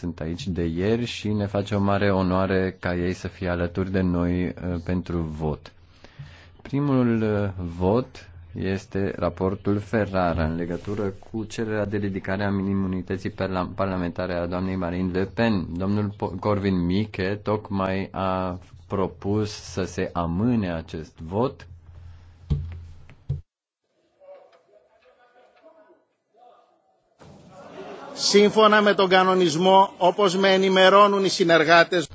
sunt aici de ieri și ne face o mare onoare ca ei să fie alături de noi uh, pentru vot. Primul uh, vot este raportul Ferrara în legătură cu cererea de ridicare a imunității parlamentare a doamnei Marine Le Pen. Domnul Corvin Miche tocmai a propus să se amâne acest vot σύμφωνα με τον κανονισμό όπως με ενημερώνουν οι συνεργάτες.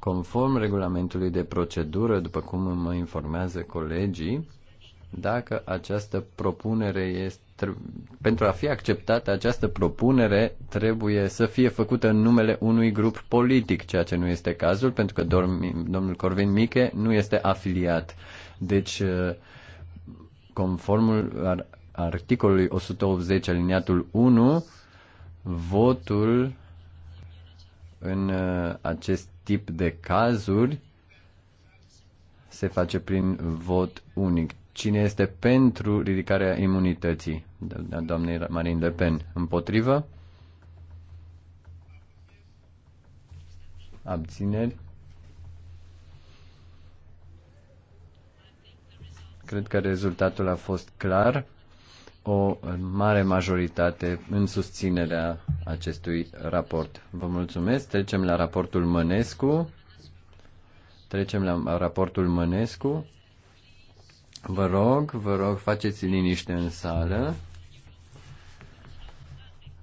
Conform regulamentului de procedură, după cum mă informează colegii, dacă această propunere este, pentru a fi acceptată această propunere trebuie să fie făcută în numele unui grup politic, ceea ce nu este cazul pentru că domnul Corvin Miche nu este afiliat. Deci, uh, conformul articolului 180 aliniatul 1, votul în uh, acest tip de cazuri se face prin vot unic. Cine este pentru ridicarea imunității? Da, doamnei Marine Le Pen. Împotrivă? Abțineri? Cred că rezultatul a fost clar o mare majoritate în susținerea acestui raport. Vă mulțumesc. Trecem la raportul Mănescu. Trecem la raportul Mănescu. Vă rog, vă rog, faceți liniște în sală.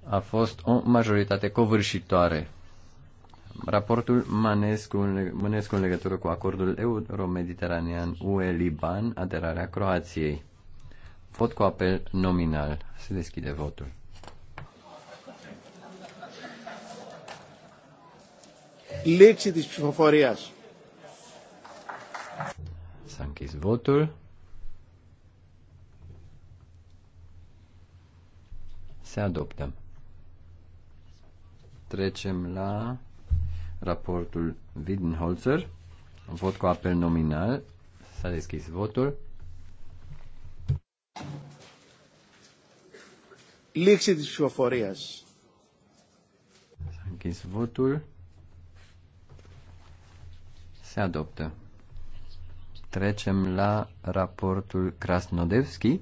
A fost o majoritate covârșitoare. Raportul Mănescu în, Mănescu în legătură cu acordul euro-mediteranean UE-Liban, aderarea Croației. Vot cu apel nominal. Se deschide votul. Λήξη de ψηφοφορίας. S-a închis votul. Se adoptă. Trecem la raportul Widenholzer. Vot cu apel nominal. S-a deschis votul. Λήξη της ψηφοφορίας. s închis votul. Se adoptă. Trecem la raportul Krasnodevski.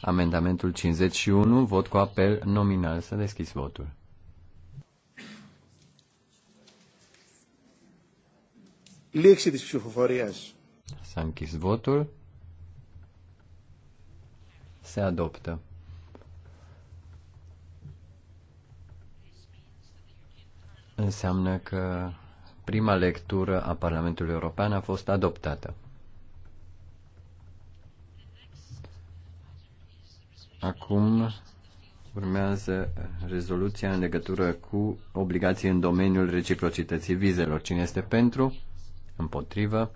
Amendamentul 51, vot cu apel nominal. Să deschis votul. Λήξη της ψηφοφορίας. S-a închis se adoptă. Înseamnă că prima lectură a Parlamentului European a fost adoptată. Acum urmează rezoluția în legătură cu obligații în domeniul reciprocității vizelor. Cine este pentru? Împotrivă?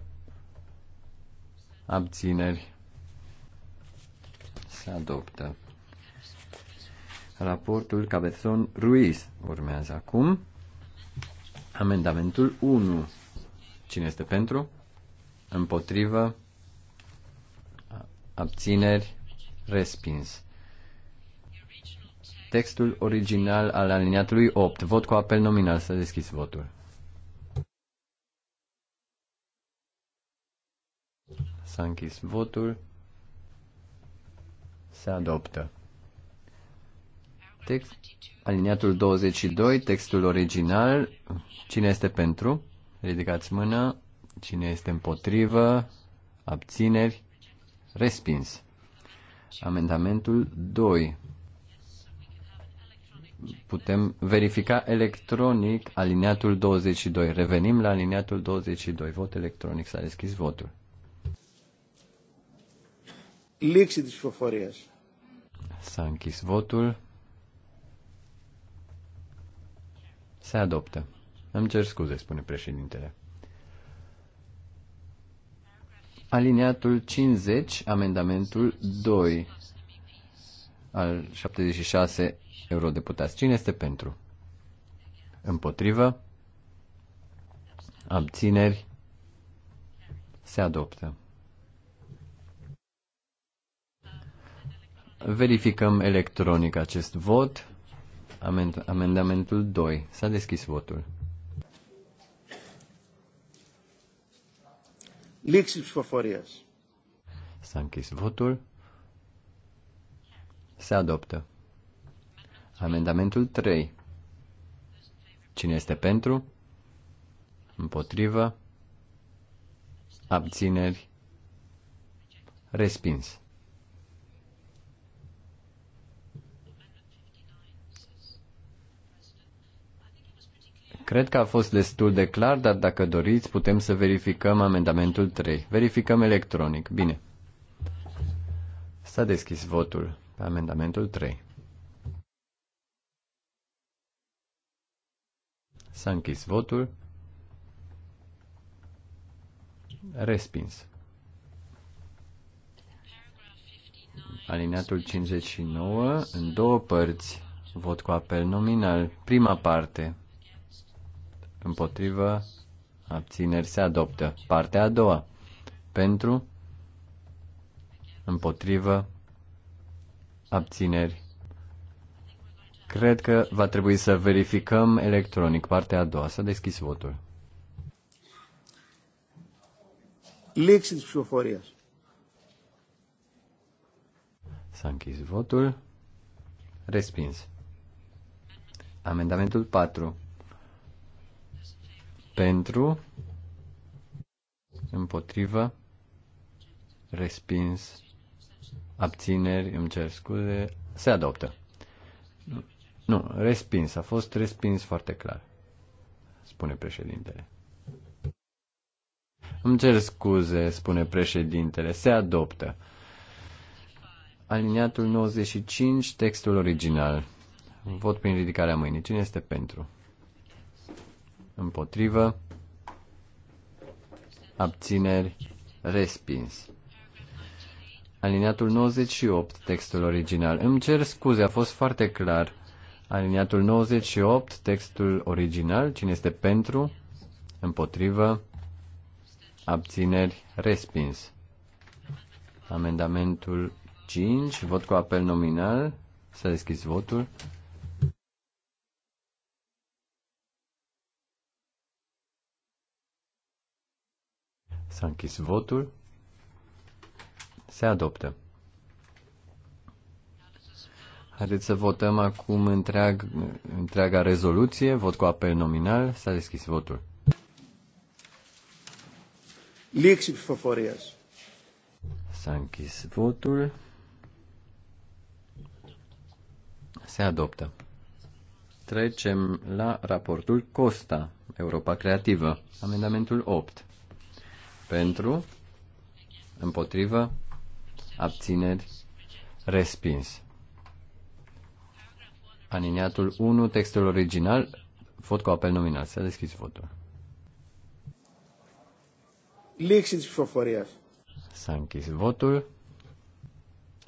Abțineri? se adoptă. Raportul Cabezon Ruiz urmează acum. Amendamentul 1. Cine este pentru? Împotrivă? Abțineri? Respins. Textul original al aliniatului 8. Vot cu apel nominal. Să deschis votul. S-a închis votul se adoptă. Text, aliniatul 22, textul original, cine este pentru? Ridicați mâna. Cine este împotrivă? Abțineri? Respins. Amendamentul 2. Putem verifica electronic aliniatul 22. Revenim la aliniatul 22. Vot electronic. S-a deschis votul λήξη της ψηφοφορίας. S-a închis votul. Se adoptă. Îmi cer scuze, spune președintele. Aliniatul 50, amendamentul 2 al 76 eurodeputați. Cine este pentru? Împotrivă? Abțineri? Se adoptă. Verificăm electronic acest vot. Amend- amendamentul 2. S-a deschis votul. Λήξη ψηφοφορίας. S-a închis votul. Se adoptă. Amendamentul 3. Cine este pentru? Împotrivă? Abțineri? Respins. Cred că a fost destul de clar, dar dacă doriți, putem să verificăm amendamentul 3. Verificăm electronic. Bine. S-a deschis votul pe amendamentul 3. S-a închis votul. Respins. Alineatul 59 în două părți. Vot cu apel nominal. Prima parte împotrivă, abțineri se adoptă. Partea a doua, pentru, împotrivă, abțineri. Cred că va trebui să verificăm electronic partea a doua. Să deschis votul. Λήξη της S-a închis votul. Respins. Amendamentul 4 pentru, împotrivă, respins, abțineri, îmi cer scuze, se adoptă. Nu, respins, a fost respins foarte clar, spune președintele. Îmi cer scuze, spune președintele, se adoptă. Aliniatul 95, textul original. Vot prin ridicarea mâinii. Cine este pentru? împotrivă, abțineri, respins. Aliniatul 98, textul original. Îmi cer scuze, a fost foarte clar. Aliniatul 98, textul original, cine este pentru, împotrivă, abțineri, respins. Amendamentul 5, vot cu apel nominal, să deschizi deschis votul. S-a închis votul. Se adoptă. Haideți să votăm acum întreag, întreaga rezoluție, vot cu apel nominal, s-a deschis votul. Λήξη ψηφοφορίας. S-a închis votul. Se adoptă. Trecem la raportul Costa, Europa Creativă, amendamentul 8. Pentru, împotrivă, abțineri, respins. Aniniatul 1, textul original, vot cu apel nominal. Să deschizi votul. Λήξη της S-a închis votul.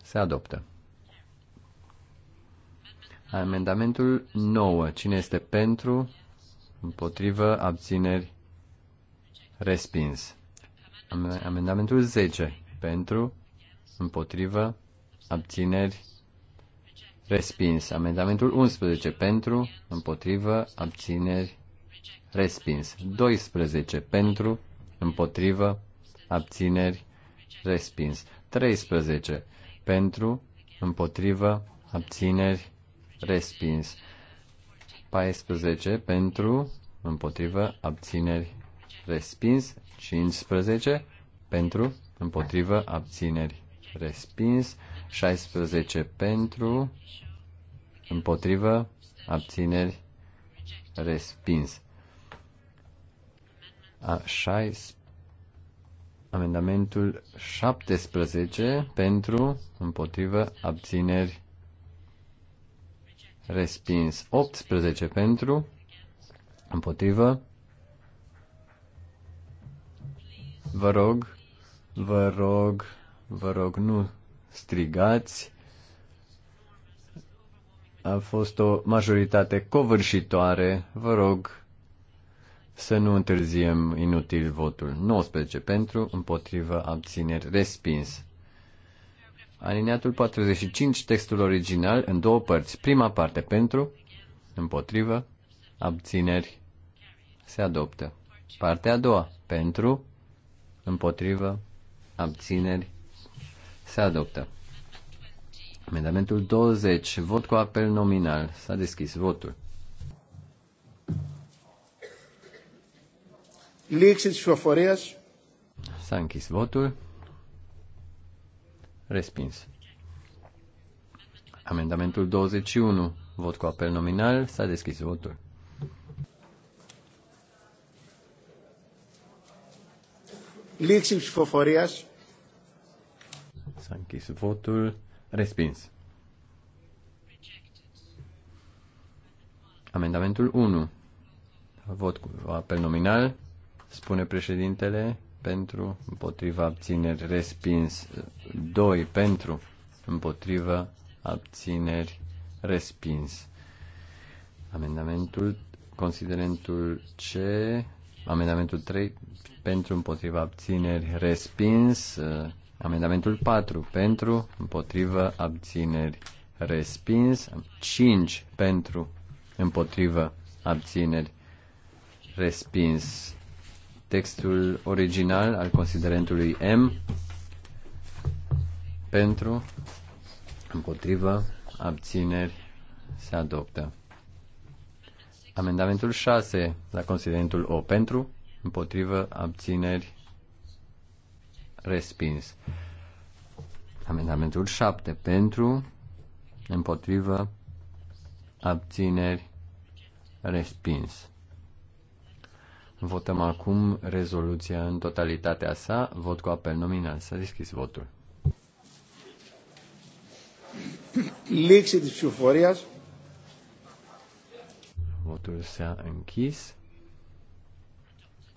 Se adoptă. Amendamentul 9. Cine este pentru? Împotrivă? Abțineri? Respins. Amendamentul 10. Pentru, împotrivă, abțineri, respins. Amendamentul 11. Pentru, împotrivă, abțineri, respins. 12. Pentru, împotrivă, abțineri, respins. 13. Pentru, împotrivă, abțineri, respins. 14. Pentru, împotrivă, abțineri, respins. 15 pentru, împotrivă, abțineri, respins. 16 pentru, împotrivă, abțineri, respins. A 16 Amendamentul 17 pentru, împotrivă, abțineri, respins. 18 pentru, împotrivă, Vă rog, vă rog, vă rog, nu strigați. A fost o majoritate covârșitoare. Vă rog să nu întârziem inutil votul. 19 pentru, împotrivă, abțineri, respins. Alineatul 45, textul original, în două părți. Prima parte pentru, împotrivă, abțineri, se adoptă. Partea a doua, pentru, împotrivă, abțineri, se adoptă. Amendamentul 20, vot cu apel nominal. S-a deschis votul. Λήξη της ψηφοφορίας. S-a închis votul. Respins. Amendamentul 21. Vot cu apel nominal. S-a deschis votul. Λήξη ψηφοφορίας. S-a închis votul. Respins. Amendamentul 1. Vot cu apel nominal, spune președintele, pentru, împotriva, abțineri, respins. 2. Pentru, împotriva, abțineri, respins. Amendamentul, considerentul C, Amendamentul 3 pentru împotriva abțineri respins. Uh, Amendamentul 4 pentru împotriva abțineri respins. 5 pentru împotriva abțineri respins. Textul original al considerentului M pentru împotriva abțineri se adoptă. Amendamentul 6 la considerentul O pentru, împotrivă, abțineri, respins. Amendamentul 7 pentru, împotrivă, abțineri, respins. Votăm acum rezoluția în totalitatea sa. Vot cu apel nominal. S-a deschis votul. Lixi de ψηφοφορίας. S-a închis.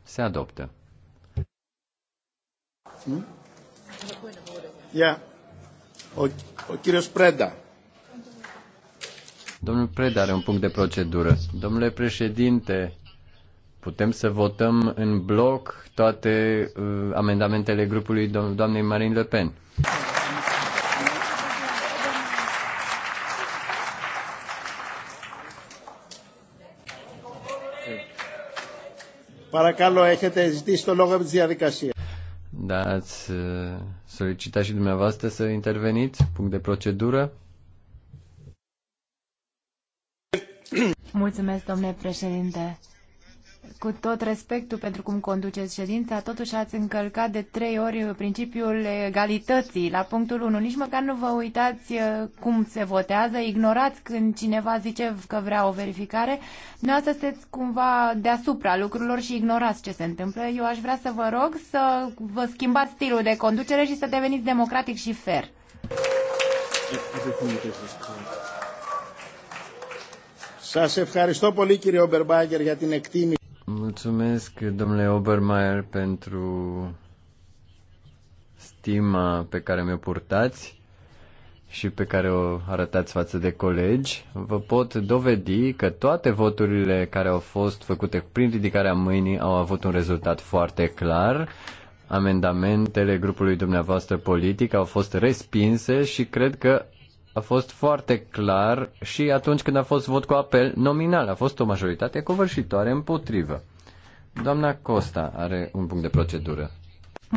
Se adoptă. Hmm? Ia, O, o Preda. Domnul Preda are un punct de procedură. Domnule președinte, putem să votăm în bloc toate uh, amendamentele grupului do- doamnei Marine Le Pen. Παρακαλώ, έχετε ζητήσει το λόγο από τη διαδικασία. Da, ați uh, solicitat și dumneavoastră să interveniți, punct de procedură. Mulțumesc, domnule președinte cu tot respectul pentru cum conduceți ședința, totuși ați încălcat de trei ori principiul egalității la punctul 1. Nici măcar nu vă uitați uh, cum se votează, ignorați când cineva zice că vrea o verificare. să steți cumva deasupra lucrurilor și ignorați ce se întâmplă. Eu aș vrea să vă rog să vă schimbați stilul de conducere și să deveniți democratic și fair. Σας ευχαριστώ πολύ κύριε Ομπερμπάγκερ για την εκτίμηση. Mulțumesc, domnule Obermeier, pentru stima pe care mi-o purtați și pe care o arătați față de colegi, vă pot dovedi că toate voturile care au fost făcute prin ridicarea mâinii au avut un rezultat foarte clar. Amendamentele grupului dumneavoastră politic au fost respinse și cred că a fost foarte clar și atunci când a fost vot cu apel nominal. A fost o majoritate covârșitoare împotrivă. Doamna Costa are un punct de procedură.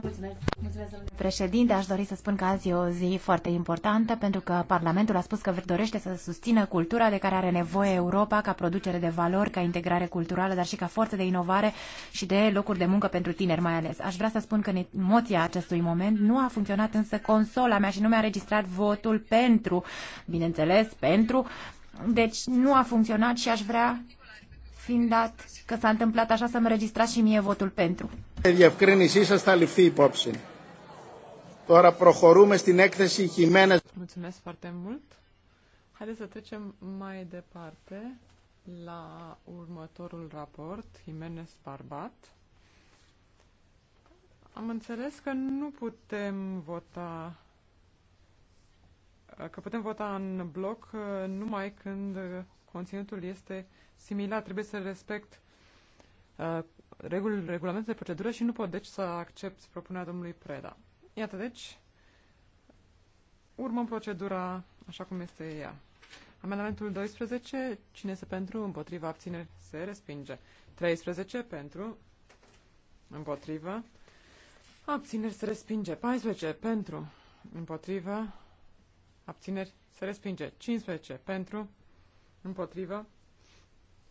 Mulțumesc, domnule președinte. Aș dori să spun că azi e o zi foarte importantă pentru că Parlamentul a spus că dorește să susțină cultura de care are nevoie Europa ca producere de valori, ca integrare culturală, dar și ca forță de inovare și de locuri de muncă pentru tineri mai ales. Aș vrea să spun că emoția acestui moment nu a funcționat însă consola mea și nu mi-a registrat votul pentru, bineînțeles, pentru. Deci nu a funcționat și aș vrea fiind dat că s-a întâmplat așa, să-mi registrați și mie votul pentru. Διευκρίνησή σας θα ληφθεί υπόψη. Τώρα προχωρούμε στην έκθεση Χιμένες. Mulțumesc foarte mult. Haideți să trecem mai departe la următorul raport, Jimenez Barbat. Am înțeles că nu putem vota că putem vota în bloc uh, numai când conținutul este similar. Trebuie să respect uh, regulamentul de procedură și nu pot deci să accept propunerea domnului Preda. Iată deci, urmăm procedura așa cum este ea. Amendamentul 12, cine este pentru, împotriva, abțineri, se respinge. 13 pentru, împotrivă, abțineri, se respinge. 14 pentru, împotrivă, abțineri, se respinge. 15 pentru, împotrivă,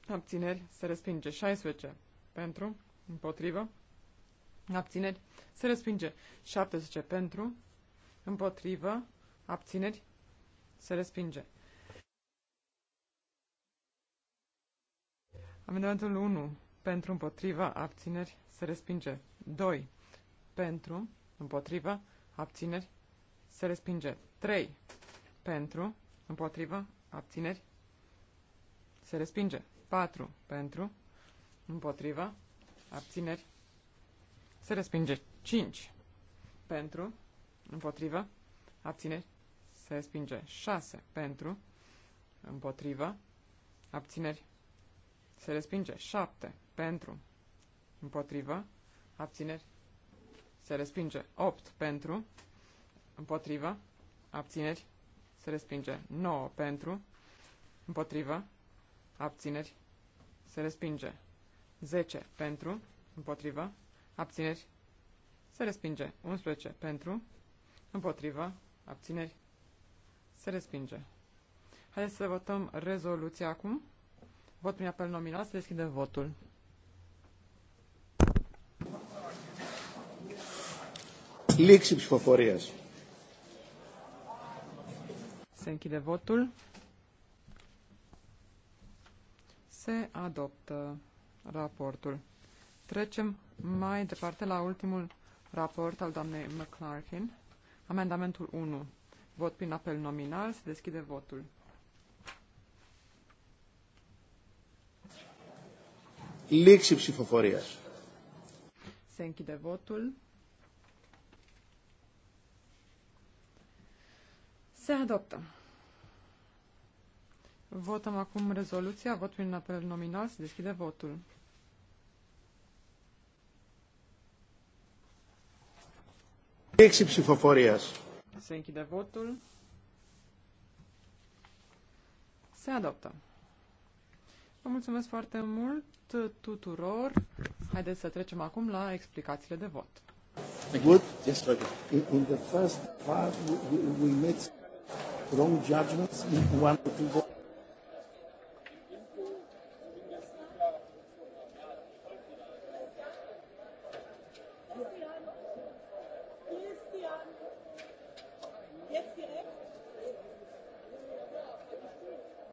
abțineri, se respinge. 16 pentru, împotrivă, abțineri, se respinge. 17 pentru, împotrivă, abțineri, se respinge. Amendamentul 1 pentru, Împotrivă. abțineri, se respinge. 2 pentru, Împotrivă. abțineri, se respinge. 3 pentru, Împotrivă. abțineri, se respinge. 4 pentru. Împotriva. Abțineri. Se respinge. 5 pentru. Împotriva. Abțineri. Se respinge. 6 pentru. Împotriva. Abțineri. Se respinge. 7 pentru. Împotriva. Abțineri. Se respinge. 8 pentru. Împotriva. Abțineri. Se respinge. 9 pentru. Împotriva abțineri, se respinge. 10 pentru, împotrivă, abțineri, se respinge. 11 pentru, împotrivă, abțineri, se respinge. Haideți să votăm rezoluția acum. Vot prin apel nominal, să deschidem votul. Λήξη ψηφοφορίας. Se închide votul. Se adoptă raportul. Trecem mai departe la ultimul raport al doamnei McClarkin. Amendamentul 1. Vot prin apel nominal. Se deschide votul. Lixi psifoforia. Se închide votul. Se adoptă. Votăm acum rezoluția. Vot prin apel nominal. Se deschide votul. Έξι ψηφοφορίας. Se închide votul. Se adoptă. Vă mulțumesc foarte mult tuturor. Haideți să trecem acum la explicațiile de vot. Would, yes, okay. in, the first part we, we made wrong judgments in one or two votes.